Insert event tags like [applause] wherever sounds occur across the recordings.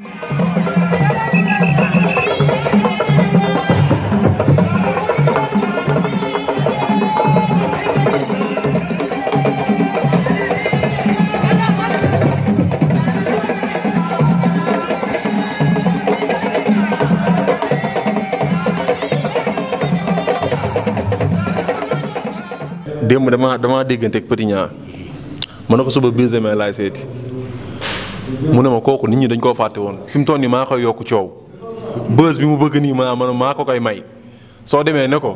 démb dama damaa déggante ak Petit Niang ma ne ko suba bise demee laay seeti mu ne ma kooku nit ñi dañ koo fàtte woon fi mu toll nii maa koy yokk coow bës bi mu bëgg nii maa man maa ko koy may soo demee ne ko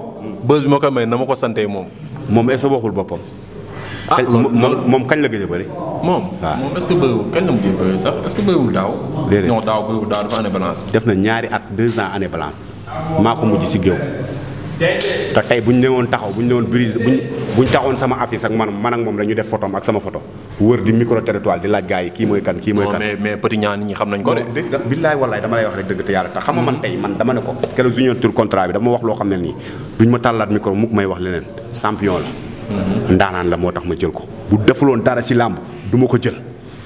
bës bi ma koy may na ma ko santee moom. moom est-ce que boppam. ah moom kañ la gëj a bëri. moom ah. moom est-ce kañ la mu gëj a bëri sax est daaw. déedéet non daaw bëriwul daaw dafa année balance. def na ñaari at deux ans année balance maa ko mujj si géew. te tey bu ñu ne woon taxaw bu ñu ne woon brise bu ñu taxoon sama affiche ak man man ak moom la ñu def photom ak sama photo wër di micro territoire di laaj gars yi kii mooy kan kii mooy kan mais mais petit ñaan ñi xam nañ ko de billaay wallaay dama lay wax rek dëgg te yàlla tax xam nga man tey man dama ne ko keroog junior tour contrat bi dama wax loo xam ne nii duñ ma tàllaat micro mukk may wax leneen champion la mhm. ndaanaan la moo tax ma jël ko bu defuloon dara si làmb du ma ko jël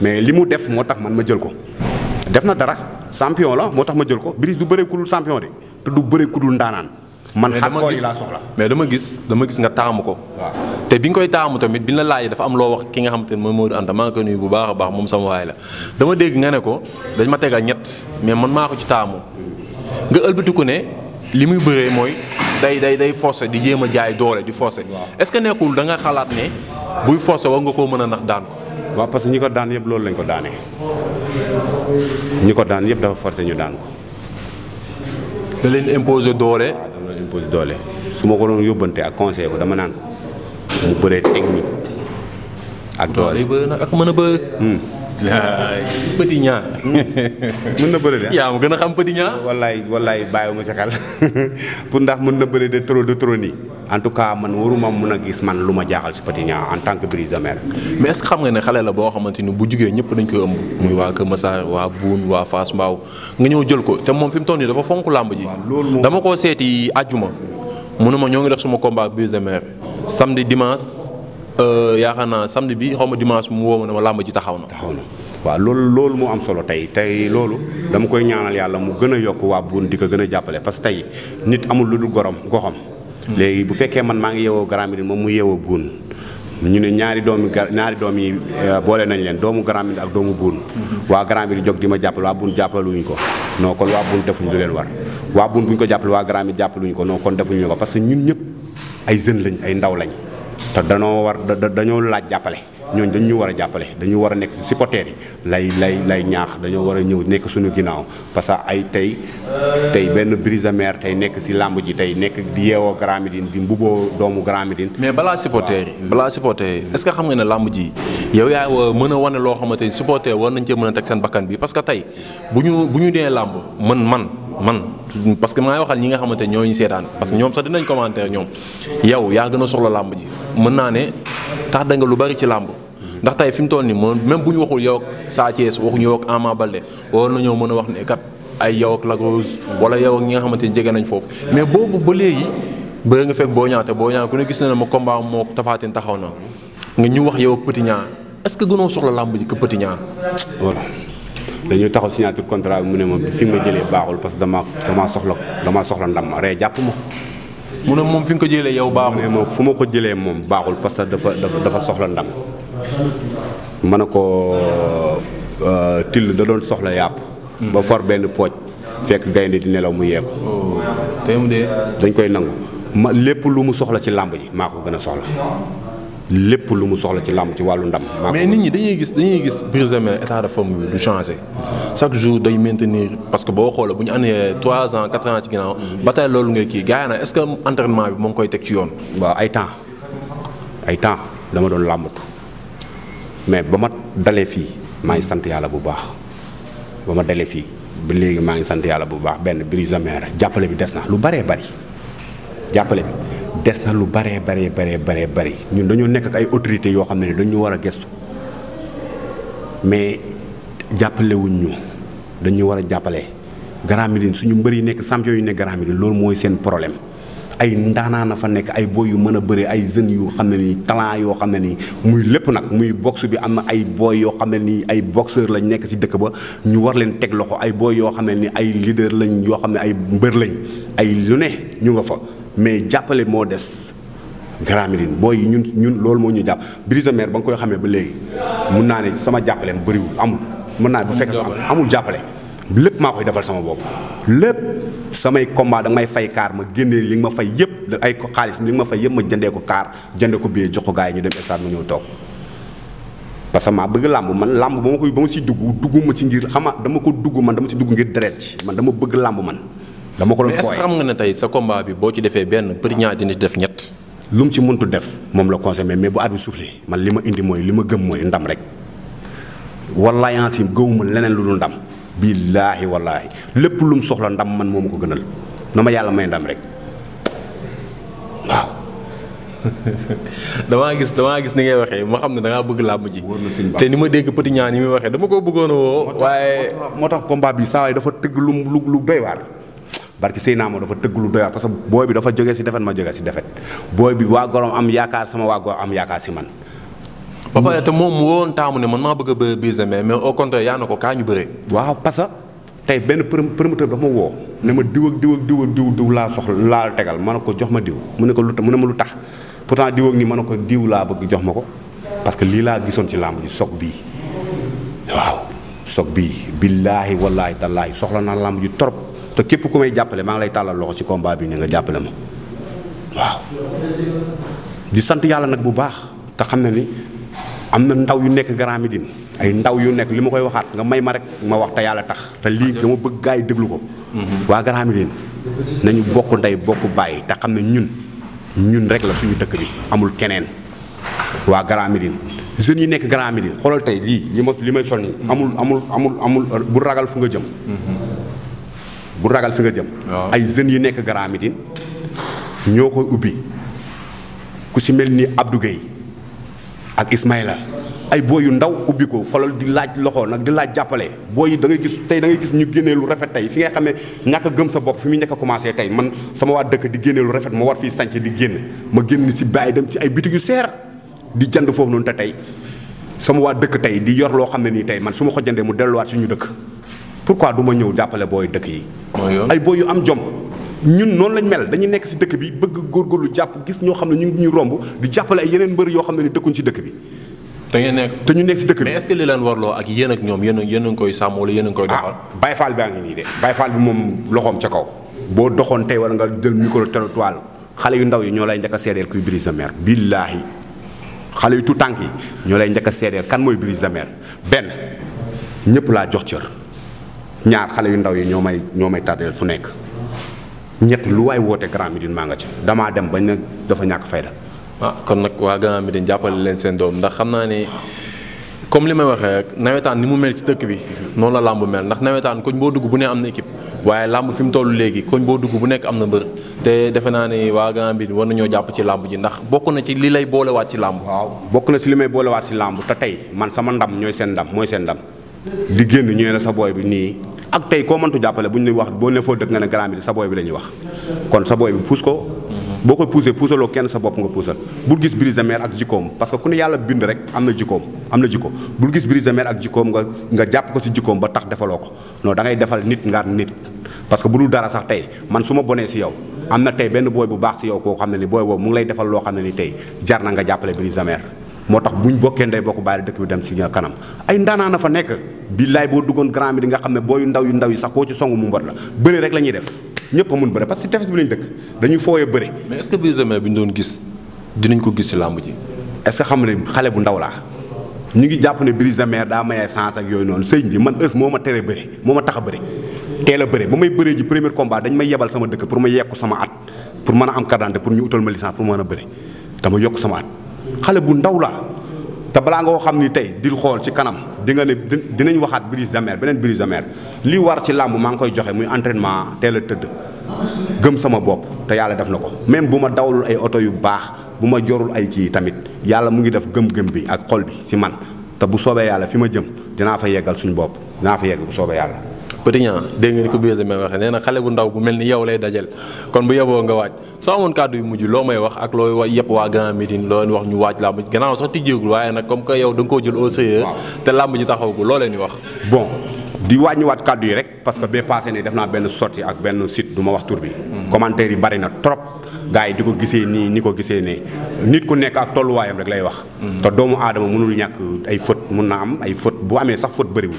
mais li mu def moo tax man ma jël ko def na dara champion la moo tax ma jël ko brise du bëre ku dul champion de du bëre ku dul man hardcore yi laa soxla mais dama gis dama gis nga taamu ko. te bi nga koy taamu tamit bi la laajee dafa am loo wax ki nga xam te ne moo di Anta maa ngi koy nuyu bu baax a baax moom sama waay la. dama dégg nga ne ko dañ ma tegal ñett mais man maa ko ci taamu nga ëlbatiku ne li muy bëree mooy day day day forcer di jéem a jaay doole di forcer. est-ce que nekkul da nga xalaat ne buy forcer war nga koo mën a nax daan ko. waaw parce que ñi ko daan yëpp loolu lañ ko daanee ñi ko daan yëpp dafa forcer ñu daan ko. da imposé doole su ma ko doon yóbbante ak conseil ko dama naan ko mu bëree technique ak doole ak mën a bëre hmm. Petit Niang. [laughs] mën na bëri de. yaa ma gën a xam Petit Niang. wallaay wallaay bàyyi ma ci xel [laughs] pour ndax mën na bëri de trop de trop nii. en tout cas man waruma mën a gis man lu ma jaaxal si Petit Niang en tant que brise de mer. mais est xam nga ne xale la boo xamante ni bu jugee ñëpp dañ koy ëmb. muy waa Kër Massar waa Boune waa Fass Mbao nga ñëw jël ko te moom fi mu toll nii dafa fonk làmb ji. dama koo seeti àjjuma. mënuma ñoo ngi def suma combat brise de mer Euh, yaakaar naa samedi bi xaw ma dimanche mu woo ma dama làmb ji taxaw na. taxaw na waa loolu loolu moo am solo tey tey loolu dama koy ñaanal yàlla mu gën a yokk waa Boune di ko gën a jàppale parce que tey nit amul lu dul gorom goxam. Hmm. léegi bu fekkee man maa ngi yeewoo Grand Médine moom mu yeewoo Boune ñu ne ñaari doomi gar ñaari doom yi euh, boole nañ leen doomu Grand Médine ak doomu buun hmm. waa Grand Médine jóg di ma jàppale waa Boune jàppaluñu ko non kon waa Boune defuñu lu leen war waa bu ñu ko jàppale waa Grand Médine ko non kon defuñu parce que ñun ñëpp ay jeunes lañ ay lañ te danoo war dañoo laaj jàppale ñooñ dañu ñu war a jàppale dañu war a nekk si supporters yi lay lay lay ñaax dañoo war a ñëw nekk suñu ginnaaw parce que ay tey tey benn Brise Mer tey nekk si làmb ji tey nekk di yeewoo Grand Médine di mbuboo doomu Grand Médine mais balaa supporters yi balaa supporters yi est que xam nga ne làmb ji yow yaa euh, mën a wane loo xamante ni supporters war nañ cee mën a teg seen bakkan bi parce que tey bu ñu bu ñu dee làmb man man man parce que maay waxal ñi nga xamante ñooñu seetaan parce que ñoom sax dinañ commentaire ñoom yow yaa gën a soxla làmb ji mën naa ne tax da nga lu bari ci làmb ndax tey fi mu toll nii moom même bu ñu waxul yow ak Sa Thiès waxuñu yow ak Ama Baldé waroon nañoo mën a wax ne kat ay yow ak Lac Rose wala yow ak ñi nga xamante ni jege nañ foofu mais boobu ba léegi bëri nga fekk boo ñaate boo ñaate ku ne gis na ne ma combat moo tafaatin taxaw na nga ñu wax yow ak Petit Niang est-ce gënoo soxla làmb ji que Petit Niang voilà dañuy taxaw signature contrat bi mu ne moom fi nga ma baaxul parce que dama damaa soxla damaa soxla ndam ma ree jàpp ma. mu ne moom fi nga ko jëlee yow baaxul. mu ne ma ma ko jëlee moom parce que dafa dafa soxla ndam. ma ne ko euh, till da doon soxla yàpp. Hmm. ba for benn pooj fekk gaynde di nelaw mu yee oh. ko. mu dee. dañ koy nangu ma lépp lu mu soxla ci làmb yi maa ko gën a soxla. lépp lu mu soxla ci làmb ci wàllu ndam. mais nit ñi dañuy gis dañuy gis Brise de état de forme bi du changé chaque jour day maintenir parce que boo xoolee bu ñu andee 3 ans 4 ans ci ginnaaw ba loolu ngay kii gars yi nag est ce que entraînement bi moo koy teg ci yoon. waaw ay temps ay temps dama doon làmbatu mais ba ma dalee fii maa ngi sant yàlla bu baax ba ma dalee fii ba léegi maa ngi sant yàlla bu baax benn Brise de Mer jàppale bi des na lu baree bari jàppale des na lu baree baree baree baree bëri ñun dañoo nekk ay autorités yoo xam ne dañu war a gestu mais jàppalewuñ ñu dañuy war a jàppale Grand Médine suñu mbër yi nekk champion yu nekk Grand Médine loolu mooy seen problème ay ndaanaan fa nekk ay boy yu mën a bëre ay jeunes yu xam ne nii talent yoo xam ne nii muy lépp nag muy boxe bi am na ay boy yoo xam ne nii ay boxeur lañ nekk ci dëkk ba ñu war leen teg loxo ay boy yoo xam ne nii ay leader lañ yoo xam ne ay mbër lañ ay lu ne fa mais jàppale moo des Grand Médine booy ñun ñun loolu moo ñu jàpp Brise Mer ba nga koy xamee ba léegi mun naa ne sama jàppale mu bëriwul amul mën naa bu fekkee sax amul jàppale lépp maa koy defal sama bopp lépp samay combat da fay kaar ma génnee li nga ma fay yëpp da ay ko xaalis li nga ma fay yëpp ma jëndee ko kaar jëndee ko billet jox ko yi ñu dem stade ma ñëw toog parce que maa bëgg làmb man làmb ba ma koy ba ma si dugg dugg ma si ngir xama dama ko dugg man dama si dugg ngir deret ci man dama bëgg làmb man dama ko doon fooyee nga ne tey sa bi boo ci defee benn për def ñett. lu ci mëntu def moom la conseil mais bu at bi man li ma indi mooy li ma gëm mooy ndam rek wallaahi si gëwuma leneen lu dul ndam. billaahi wallaahi lépp lu soxla ndam man moo ma ko gënal na ma yàlla may ndam rek waaw. [laughs] damaa gis damaa gis ni ngay waxee ma xam ne da ngaa bëgg làmb ji. te ni ma dégg Petit Niang muy waxee dama ko bëggoon a waaye moo tax combat bi saa dafa tëgg lu lu doy waar. barki sëy naa ma dafa tëgg lu doy waar parce que booy bi dafa jógee si defet ma jógee si defet booy bi waa gorom am yaakaar sama waa gorom am yaakaar si man. ba pare te moom woon taamu ne man maa bëgg a bëre Brise de Mer mais au contraire yaa na ko kaa ñu bëree. waaw parce que tey benn promoteur dafa ma woo ne ma diw ak diw ak diw ak diw diw laa soxla laa tegal ma ne ko jox ma diw mu ne ko lu mu ne ma lu tax pourtant diw ak nii ma ne ko diw laa bëgg jox ma ko parce que lii laa gisoon ci làmb ji soog bii waaw soog bii billaahi wallaahi tallaahi soxla naa làmb ji trop. te képp ku may jàppale maa ngi lay tàllal loxo ci combat bi ni nga jàppale ma waaw. di sant yàlla nag bu baax te xam na ni am na ndaw yu nekk Grand Médine ay ndaw yu nekk li ma koy waxaat nga may ma rek ma wax te yàlla tax te lii dama bëgg gars yi déglu ko. Mhm. waa Grand Médine nañu bokk ndey bokk bàyyi te xam ne ñun ñun rek la suñu dëkk bi amul keneen waa Grand Médine jeunes yi nekk Grand Médine xoolal tey lii li ma li may sol nii amul amul amul amul ragal fu nga jëm. Mhm. bu ragal fi nga jëm. ay jeunes yu nekk Grand Médine ñoo koy ubbi ku si mel ni Abdou Gueye ak Ismaïla ay booy yu ndaw ubbi ko xoolal di laaj loxo nag di laaj jàppale booy yi da ngay gis tey da ngay gis ñu génnee lu rafet tey fi nga xam ñàkk a gëm sa bopp fi mu nekk a commencé tey man sama waa dëkk di génnee lu rafet ma war fii sanc di génn ma génn si bàyyi dem ci ay bitig yu seer di jënd foofu noonu te tey sama waa dëkk tey di yor loo xam ne nii tey man su ma ko jëndee mu delluwaat suñu dëkk. pourquoi du ma ñëw jàppale booy dëkk yi. ay booy yu am jom. ñun noonu lañ mel dañu nekk si dëkk bi bëgg góorgóorlu jàpp gis ñoo xam ne ñu ngi ñu romb di jàppale ay yeneen mbër yoo xam ne ni dëkkuñ ci dëkk bi. te ngeen nekk te ñu nekk si dëkk bi mais leen warloo ak yéen ñoom yéen a yéen koy sàmm wala yéen a ngi koy doxal. ah bayfaal baa ngi nii de bayfaal bi moom loxoom ca kaw boo doxoon tey wala nga jël micro trottoir xale yu ndaw yi ñoo lay njëkk a seedeel kuy brise mer billaahi xale yu tu tànk yi ñoo lay njëkk a seedeel kan mooy brise mer benn ñëpp laa jox cër ñaar xale yu ndaw yi ñoo may ñoo may tardeel fu nekk ñett lu waay woote Grand Médine maa nga ci damaa dem bañ na dafa ñàkk fayda ah kon nag waa Grand Médine jàppale leen seen doom ndax xam naa ne comme li may waxee nawetaan ni mu mel ci tëkk bi noonu la làmb mel ndax nawetaan koñ boo dugg bu ne am na équipe waaye làmb fi mu toll léegi koñ boo dugg bu nekk am na bër te defe naa ne waa Grand Médine war nañoo jàpp ci làmb ji ndax bokk na ci li lay boolewaat ci làmb. waaw bokk na si li may boolewaat si làmb te tey man sama ndam ñooy seen ndam mooy seen ndam. di génn ñu ne sa booy bi nii ak tey koo mëntu jàppale bu ñu wax boo ne foo dëkk nga ne grand bi sa booy bi la ñuy wax kon sa booy bi puus ko boo ko puusee puusaloo kenn sa bopp nga puusal bul gis Brise de ak jikkoom parce que ku ne yàlla bind rek am na jikkoom am na jikko bul gis Brise de ak jikkoom nga nga jàpp ko si jikkoom ba tax defaloo ko non da ngay defal nit ngaat nit parce que bu dul dara sax tey man su ma bonee si yow am na tey benn booy bu baax si yow koo xam ne ni booy boobu mu ngi lay defal loo xam ne ni tey jar na nga jàppale Brise moo tax buñ bokkee ndey bokk bàyyi dëkk bi dem si kanam ay ndaanaa na fa nekk billaay boo duggoon grand bi di nga xam ne booyu ndaw yu ndaw yi sax koo ci song mu mbot la bëri rek la def ñëpp a mun bëri parce que tefes bi lañ dëkk dañuy fooyee bëri. mais est doon gis dinañ ko gis si làmb ji. est xale bu ndaw laa ñu ngi jàpp ne brise daa mayee sens yooyu noonu sëñ bi man ës moo ma tere moo ma a bëri teel a bëri ba may bëree ji may yebal sama dëkk pour ma yekku sama at pour mën a am carte d'identité pour ma licence pour mën a bëri dama yokk sama at xale bu ndaw la te balaa nga ko xam ni tey di xool ci kanam dinga ne dinañ waxaat brise de mer beneen brise de mer li war ci làmb maa ngi koy joxe muy entraînement teel a tëdd gëm sama bopp te yàlla def na ko même bu ma dawlul ay oto yu baax bu ma jorul ay kii tamit yàlla mu ngi def gëm-gëm bi ak xol bi ci man te bu soobee yàlla fi ma jëm dinaa fa yeggal suñu bopp dinaa fa yegg bu soobee yàlla Petit Niang dégg nga ni ko Bésame waxee nee na xale bu ndaw bu mel ni yow lay dajal kon bu yeboo nga waaj soo amoon kàddu yu mujj loo may wax ak looy wax yëpp waa Grand Médine loo leen wax ñu waaj làmb ji gannaaw sax tijjeegul waaye nag comme que yow da nga koo jël au te làmb ji taxaw ko loo leen di wax bon di wàññiwaat kàddu yi rek parce que bee passé ne def naa benn sortie ak benn site duma ma wax tur bi. commentaire yi bari na trop. gars yi di ko gisee nii ni ko gisee ne nit ku nekk ak tolluwaayam rek lay wax. te doomu aadama munul ñàkk ay faute mun na am ay faute bu amee sax faute bëriwul.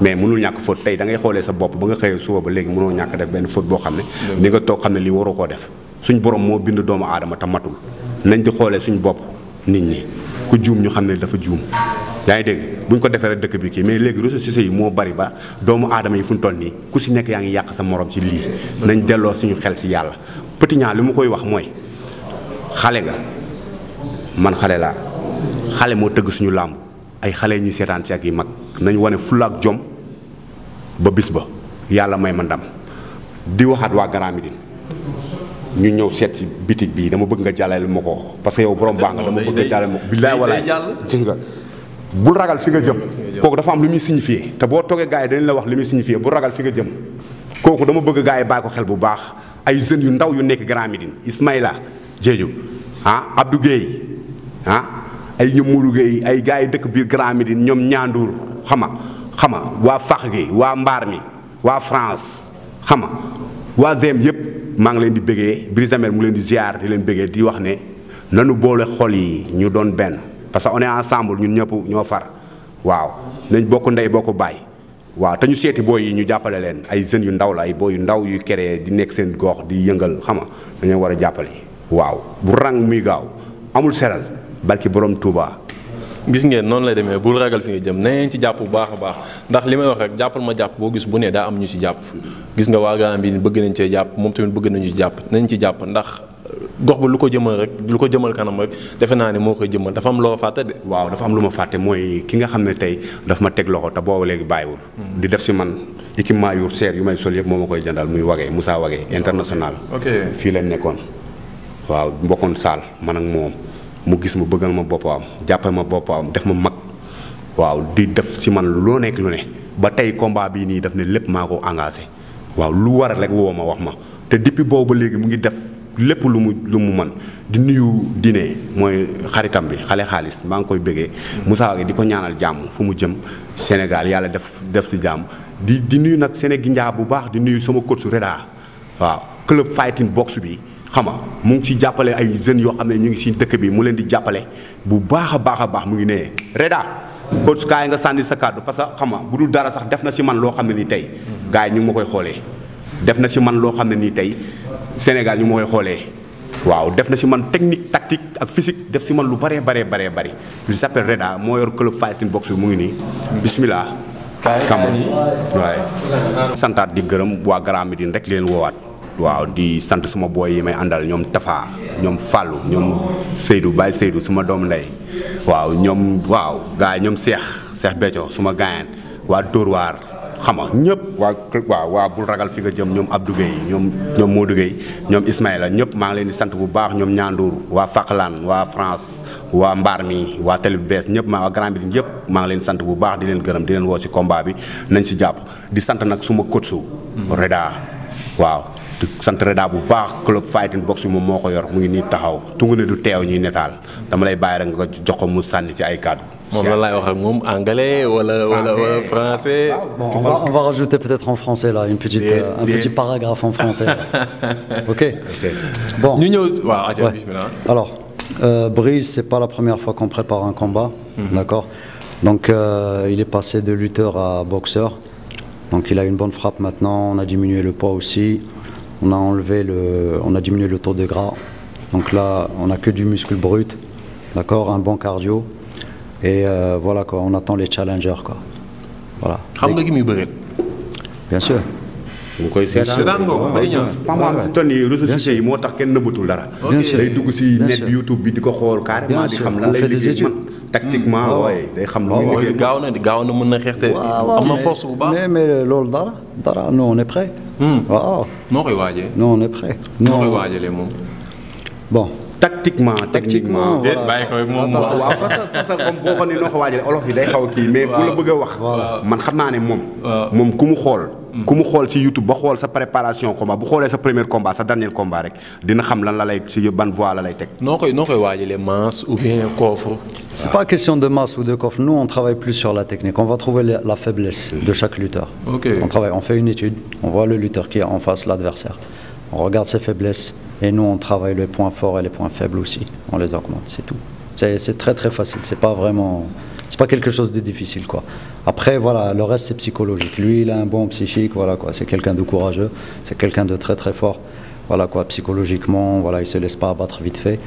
mais mënul ñàkk faute tey da ngay xoolee sa bopp ba nga xëyee suba ba léegi munoo ñàkk def benn faute boo xam ne. ni nga toog xam ne lii waroo koo def suñ borom moo bind doomu aadama te matul nañ di xoolee suñ bopp nit ñi ku juum ñu xam ne dafa juum. yaa ngi dégg bu ñu ko defee rek dëkk bi kii mais léegi réseaux sociaux yi moo bari ba doomu aadama yi fu ñu toll nii ku si nekk yaa ngi yàq sa morom ci lii nañ delloo suñu xel si yàlla Petit Niang li ma koy wax mooy xale nga man xale laa xale moo tëgg suñu làmb ay xale ñuy seetaan si ak yi mag nañu wane fulla ak jom ba bis ba yàlla may man ndam di waxaat waa Grand Médine ñu ñëw seet si bitig bii dama bëgg nga lu ma ko parce que yow borom baax nga dama bëgg nga jàllale nga bul ragal fi nga jëm kooku dafa am lu muy signifié te boo toogee gars yi dañ la wax li muy signifié bul ragal fi nga jëm kooku dama bëgg gars yi bàyyi ko xel bu baax ay jeunes yu ndaw yu nekk Grand Médine Ismaïla Diédhiou ah Abdou Guèye ah, ay ñoom Modou ay gars yi dëkk biir Grand Médine ñoom ñaanduur xama xama waa fax gi waa mbaar mi waa France xama waa zem yëpp maa ngi leen di bëggee Brise de mu leen di ziar di leen bëggee di wax ne nanu boole xol yi ñu doon benn parce que on est ensemble ñun ñëpp ñoo far waaw nañ bokk ndey bokk baay waaw te ñu seeti booy yi ñu jàppale leen ay jeunes yu ndaw la ay booy yu ndaw yu créé di nekk seen gox di yëngal xam nga dañoo war a jàppale. waaw bu rang muy gaaw amul seral barki borom Touba. gis ngeen noonu lay demee bul ragal fi nga jëm nañ ci jàpp bu baax a baax ndax li may wax rek jàppal ma jàpp boo gis bu nee daa am ñu ci jàpp gis nga waa Gambie bi bëgg nañ cee jàpp moom tamit bëgg nañu ci jàpp nañ ci jàpp ndax gox ba lu ko jëmal rek lu ko jëmal kanam rek defe naa ne moo koy jëmal dafa am loo fàtte de. waaw dafa am lu ma fàtte mooy ki nga xam ne tey daf ma teg loxo te boobu léegi bàyyiwul. Hmm. di def si man équipement yu seer yu may sol yëpp moo ma koy jëndal muy Wagué Moussa Wagué international. ok fii lañ nekkoon. waaw mbokkoon saal man moom mu gis ma bëggal ma boppam jàppal ma boppam def ma mag waaw di def si man loo nekk lu ne ba tey combat bii nii daf ne lépp maa ko engagé waaw lu war rek woo ma wax ma te depuis boobu léegi mu ngi def. lépp lu mu lu mu mën di nuyu dine mooy xaritam bi xale xaalis maa ngi koy bëggee Moussa di ko ñaanal jàmm fu mu jëm Sénégal yàlla def def si jàmm di di nuyu nag Sénégindia bu baax di nuyu sama coach su Reda waaw club fighting box bi xam nga mu ngi ci jàppale ay jeunes yoo xam ne ñu ngi ci dëkk bi mu leen di jàppale bu baax a baax a baax mu ngi nee Reda coach yi nga sànni sa kàddu parce que xam nga bu dul dara sax def na si man loo xam ne nii tey gars yi ñu ma koy xoolee def na ci man loo xam ne nii tey Sénégal ñu mooy xoolee waaw def na si man technique tactique ak physique def si man lu bëree bëree bëree bëri il s'appelle Reda moo yor club fighting box bi mu ngi nii bismillah Kamu waaye santaat di gërëm waa Grand Médine rek leen woowaat waaw di sant suma booy yi may àndal ñoom Tafa ñoom Fallou ñoom Seydou Baye Seydou suma doom ndey waaw ñoom waaw gars ñoom Cheikh Cheikh Béthio suma gaayaan waa Dóor xam nga ñëpp waa waaw waa bul ragal fi nga jëm ñoom ab Gueye ñoom ñoom Modou Gueye ñoom la ñëpp maa ngi leen di sant bu baax ñoom ñaanduur waa Faqlan waa France waa mbaar mi waa télé bu bees ñëpp maa waa Grand Médine yëpp maa ngi leen sant bu baax di leen gërëm di leen woo si combat bi nañ si jàpp di sant nag suma coach su Reda waaw di sant Reda bu baax club fighting box bi moom moo ko yor mu ngi nii taxaw tungu ne du teew ñuy netaal dama lay bàyyi rek nga jox ko mu sànni ci ay kàddu moom lan laay wax ak moom anglais wala wala wala français. Ah, bon peut-être en français là une petite euh, paragraphe en français. [laughs] ok bon euh, c'est pas la première fois qu'on prépare un combat. Mhm. d'accord euh, il est passé de lutteur à boxeur. il a une bonne frappe maintenant, on a diminué le poids aussi, on a enlevé le, taux de gras. Donc là, on n'a que du muscle brut, d'accord, un bon cardio. et euh, voilà quoi on attend les challengers quoi xam nga gi muy bëreel. bien sûr. bu koy seetaan nga ko day ñëw waaw waaw toll nii réseaux sociaux yi moo tax kenn nëbbatul dara. bien sûr day dugg si bi di ko xool carrément di mm. xam lan lay liggéey man. waaye day xam lu muy liggéey gaaw na na mën na xeex te am na force bu baax mais koy waaje non noo koy waajalee moom. bon. tactiquement techniquement déet bàyyi ko moom mu wax boo ko ni noo ko waajalee olof yi day xaw kii mais bu la bëgg a wax man xam naa ne moom moom ku mu xool hmm. ku mu xool si YouTube ba xool sa préparation combat bu xoolee sa premier combat sa dernier combat rek dina xam lan la lay si ban voie la lay teg. noo koy noo koy waajalee masse ou bien coffre. c'est pas question de masse ou de coffre nous on travaille plus sur la technique on va trouver la faiblesse de hmm. chaque lutteur. Et nous, on travaille les points forts et les points faibles aussi. On les augmente, c'est tout. C'est très très facile. C'est pas vraiment, c'est pas quelque chose de difficile quoi. Après voilà, le reste c'est psychologique. Lui, il a un bon psychique, voilà quoi. C'est quelqu'un de courageux, c'est quelqu'un de très très fort, voilà quoi. Psychologiquement, voilà, il se laisse pas abattre vite fait.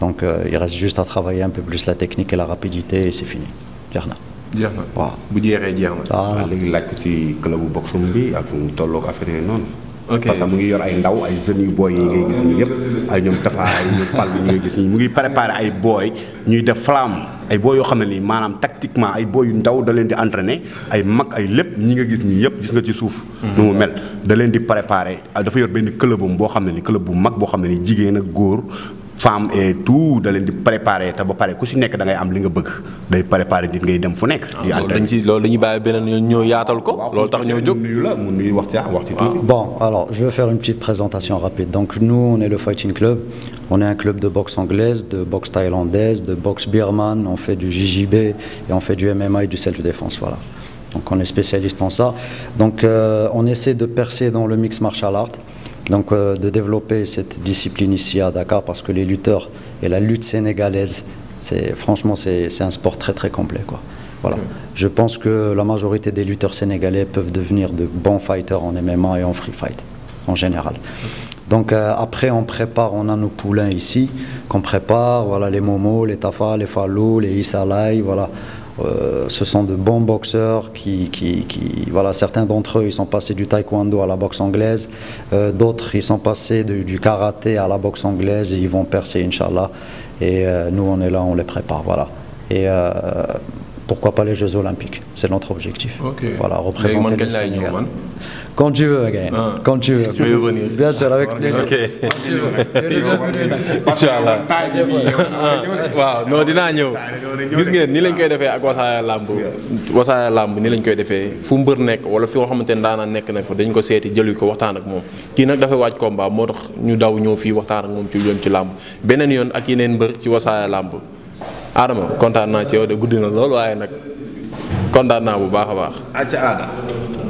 Donc euh, il reste juste à travailler un peu plus la technique et la rapidité et c'est fini. Djerna. Djerna. waaw bu jeexee jeex na. waaw ah, léegi làkk ci club boxum bi ak mu tolloog affaire yi noonu. parce que mu ngi yor ay ndaw ay jeunes yu booy yi ngay gis nii yëpp ay ñoom dafa ay ñoom fal ñu ngay gis nii mu ngi préparé ay booy ñuy def flamme ay booy yoo xam ne ni maanaam tactiquement ay booy yu ndaw da leen di entraîné ay mag ay lépp ñi nga gis nii yëpp gis nga ci suuf hmm. nu mu mel da leen di préparé dafa yor benn clubam boo xam ne ni club bu mag boo xam ne ni jigéen ak góor femme et tout da leen di préparer te ba pare ku si nekk da ngay am li nga bëgg day préparer nit ngay dem fu nekk. di ànd ah, dañ ci loolu dañuy bàyyi beneen ñoo yaatal ko. loolu tax ñoo jóg nuyu la mu nuyu wax ci wax ci ah. tuuti. bon alors je vais faire une petite présentation rapide donc nous on est le Fighting Club on est un club de boxe anglaise de boxe thaïlandaise de boxe birmane on fait du JJB et on fait du MMA et du self défense voilà. donc on est spécialiste en ça donc euh, on essaie de percer dans le mix martial art. Donc euh, de développer cette discipline ici à Dakar parce que les lutteurs et la lutte sénégalaise, c'est franchement c'est un sport très très complet Je pense que la majorité des lutteurs sénégalais peuvent devenir de bons fighters en MMA et en free fight en général. Donc euh, après on prépare, on a nos poulains ici qu'on prépare, voilà les momos, les tafa, les fallo, les isalai, voilà. Euh, ce sont de bons boxeurs qui, qui, qui voilà, certains d'entre eux, ils sont passés du taekwondo à la boxe anglaise, euh, d'autres, ils sont passés de, du karaté à la boxe anglaise et ils vont percer, Inch'Allah. Et euh, nous, on est là, on les prépare, voilà. Et euh, pourquoi pas les Jeux Olympiques C'est notre objectif. Okay. Voilà, représenter le Sénégal. Quand tu veux, Gaël. Ah. Quand tu waaw non dinaa ñëw. gis ngeen ni lañ koy defee ak Wassare Lamb. Wassare Lamb ni lañ koy defee fu mbër nekk wala fi nga xamante ne daanaka nekk na fa dañ ko seeti jëli ko waxtaan ak moom. kii nag dafay waaj combat moo tax ñu daw ñëw fii waxtaan ak moom ci lu jëm ci làmb beneen yoon ak yeneen mbër ci Wassare Lamb. aadama kontaan naa ci yow de guddi na lool waaye nag kontaan naa bu baax a baax. acca aada.